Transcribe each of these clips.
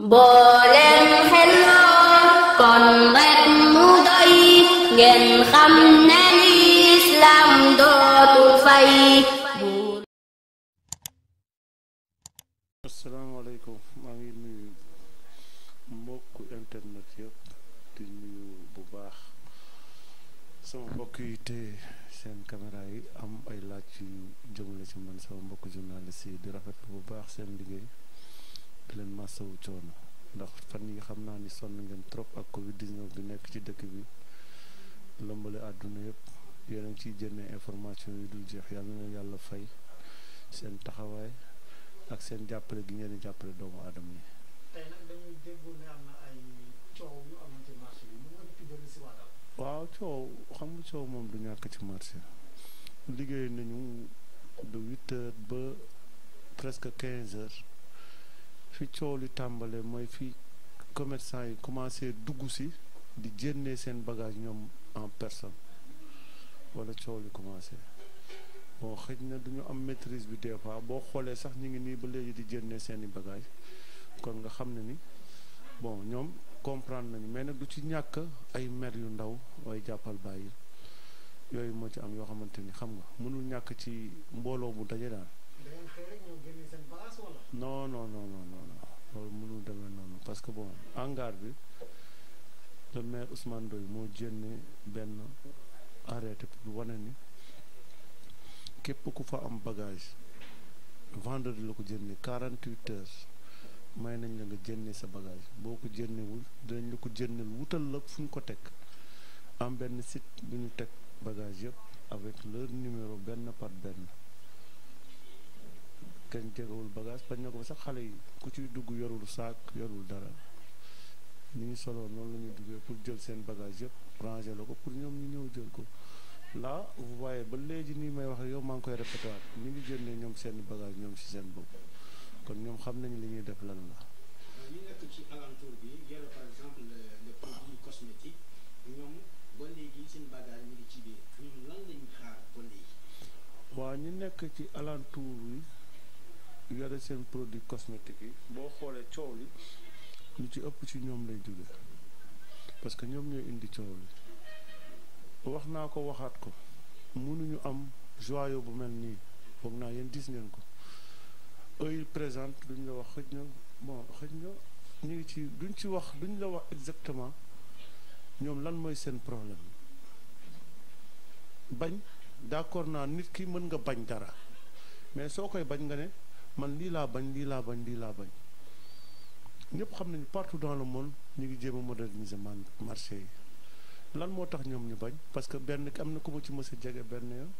mboolem xel kon rek mu doy ngeen xam ne lislaam dootul fay. asalaamaaleykum maa ngi nuyu mbokk internet yëpp di nuyu bu baax sama mbokk yi te seen caméra yi am ay laaj yu jëmale ci man sama mbokk journaliste yi di rafet bu baax seen liggéey. di leen masawu coono ndax fan yi xam naa ni sonn ngeen trop ak Covid 19 bi nekk ci dëkk bi lëmbale àdduna yëpp yéen a ngi ciy jëndee information yu dul jeex yàlla na yàlla fay seen taxawaay ak seen jàppale gi ngeen di jàppale doomu aadama yi. tey waaw coow xam coow moom du ñàkk ci marché liggéey nañu de huit heures ba presque quinze heures. fi coow li tàmbalee mooy fi commerçant yi commencé dugg si di jénnee seen bagage ñoom en personne wala coow li commencé boo xëj na du ñu am maîtrise bi des fois boo xoolee sax ñu ngi nii ba léegi di jénnee seeni i kon nga xam ne ni bon ñoom comprendre nañu mais na du ci ñàkk ay mer yu ndaw way jàppal bàyyi yooyu moo ci am yoo xamante ni xam nga mënul ñàkk ci mbooloo bu daje daal non non non non loolu mënul demee noonu parce que bon hangar bi le maire Ousmane Ndoye moo jénne benn arrêté pour wane ni képp ku fa am bagage vendredi la ko jënne quarante huit heures may nañ la nga jënne sa bagage boo ko jënnewul dinañ la ko jënnel wutal la fu ñu ko teg am benn sit bu ñu teg bagage yëpp avec leur numéro benn par benn kenn jegewul bagage bañ na xale yi ku ciy dugg yorul saak yorul dara ni ñu soloo noonu la ñuy duggee pour jël seen bagage yëpp ranger la ko pour ñoom ñu ñëw jël ko là vous ba léegi nii may wax yow maa ngi koy répété waat ngi génnee ñoom seen bagage ñoom si seen bopp kon ñoom xam nañ li ñuy def lan la. ñi nekk ci alentour bi yàlla par exemple les produits cosmétiques ñoom ba léegi seen bagage ñu ci biir ñoom nekk ci alentour bi. yore seen produit cosmétique yi boo xoolee coow li lu ci ëpp ci ñoom lay jóge parce que ñoom ñooy indi coow li wax naa ko waxaat ko mënuñu am joyau bu mel nii foog naa yéen gis ngeen ko oil présente duñ la wax xëj na bon xëj na ñu ngi ci duñ ci wax duñ la wax exactement ñoom lan mooy seen problème bañ d'accord naa nit ki mën nga bañ dara mais soo koy bañ nga ne man lii laa bañ lii laa bañ lii laa bañ ñëpp xam nañu partout dans le monde ñu ngi jéem a moderniser marché yi lan moo tax ñoom ñu bañ parce que benn am na ku ma ci mës a jege benn yoon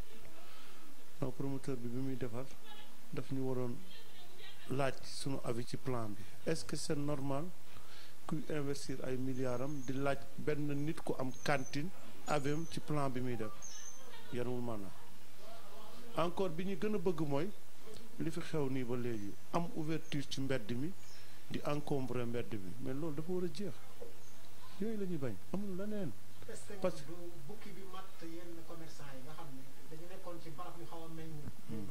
donc promoteur bi bi muy defar daf ñu waroon laaj suñu abi ci plan bi est-ce que c'est normal kuy investir ay milliards am di laaj benn nit ku am cantine avem ci plan bi muy def yanul maanaam encore bi ñu gën a bëgg mooy li fi xew nii ba léegi am ouverture ci mbedd mi di encombrer mbedd mi mais loolu dafa war a jeex yooyu la bañ amul leneen. parce que bukki yi nga xam ne hmm.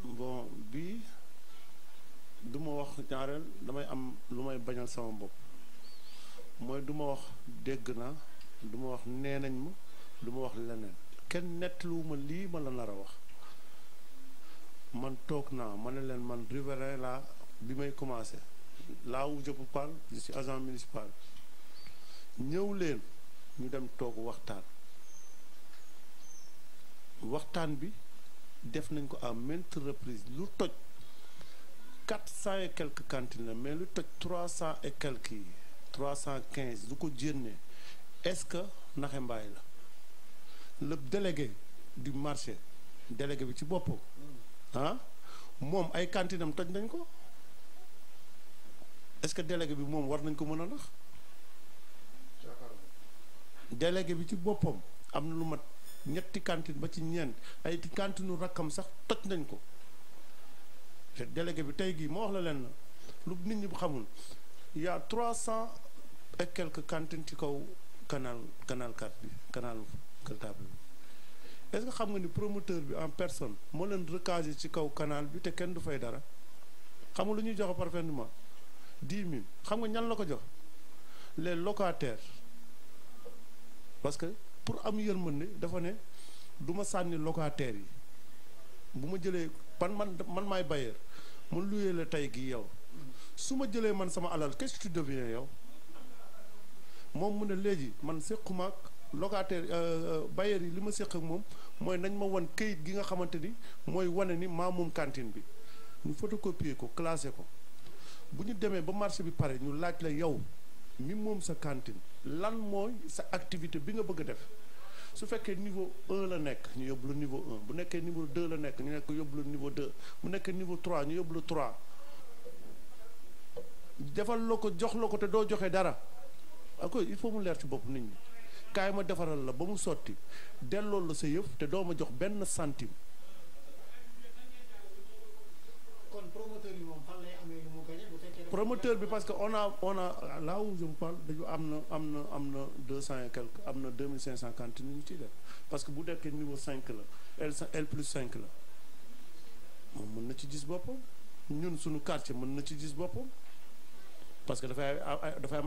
hmm. bon bii du ma wax ñaareel damay am lu may bañal sama bopp mooy du ma wax dégg naa du ma wax nee nañ ma. lu ma wax leneen kenn nettluwuma lii ma la nar a wax man toog naa ma ne leen man riverain laa bi may commencé là où je peux parler je suis agent municipal ñëw leen ñu dem toog waxtaan waxtaan bi def nañ ko à maintes reprises lu toj quatre cent et quelques cantines la mais lu toj trois cent et quelques yi trois cent quinze lu ko jénne est-ce que naxe mbaay la le délégué di marché délégué bi ci boppam mm. ah moom ay kantinam toj nañ ko est-ce que délégué bi moom war nañ ko mën a nax délégué bi ci boppam am na lu mat ñetti cantine ba ci ñeent ay cantinu rakkam sax toj nañ ko te délégué bi tey gii moo wax la leen lu nit ñi bu xamul y a trois cent et quelques cantines ci kaw canal canal 4 bi canal comptable bi est-ce que xam nga ni promoteur bi en personne moo leen recasé ci kaw canal bi te kenn du fay dara xam nga lu ñuy joxe parfaitement dix mille xam nga ñan la ko jox les locataires parce que pour am ni dafa ne du ma sànni locataires yi bu ma jëlee man man man maay bailleur ma luyee la tey gi yow su ma jëlee man sama alal qu'est-ce que tu deviens moom mu ne léegi man séquma locataire euh, euh, bailleur yi li ma séq ak moom mooy nañ ma wan kayit gi nga xamante ni mooy wane ni maa moom cantine bi ñu photocopier ko classé ko bu ñu demee ba marché bi pare ñu laaj la yow mi moom sa cantine lan mooy sa activité bi nga bëgg a def su fekkee niveau un la nekk ñu yóbbu la niveau un bu nekkee niveau deux la nekk ñu nekk yóbbu la niveau deux bu nekkee niveau trois ñu yóbbu la trois defal la ko jox la ko te doo joxe dara ako ah, il faut mu leer ci bopp nit ñi kaay ma defaral la ba mu sotti delloo la sa yëf te doo ma jox benn centime. kon promoteur bi bi parce que on a on a là où je am na am na am na deux cent et quelque am na deux mille cinq cent cantines ñu ciy parce que bu dekkee niveau cinq la L L plus cinq la moom mën na ci gis boppam ñun suñu quartier mën na ci gis boppam parce que dafay am.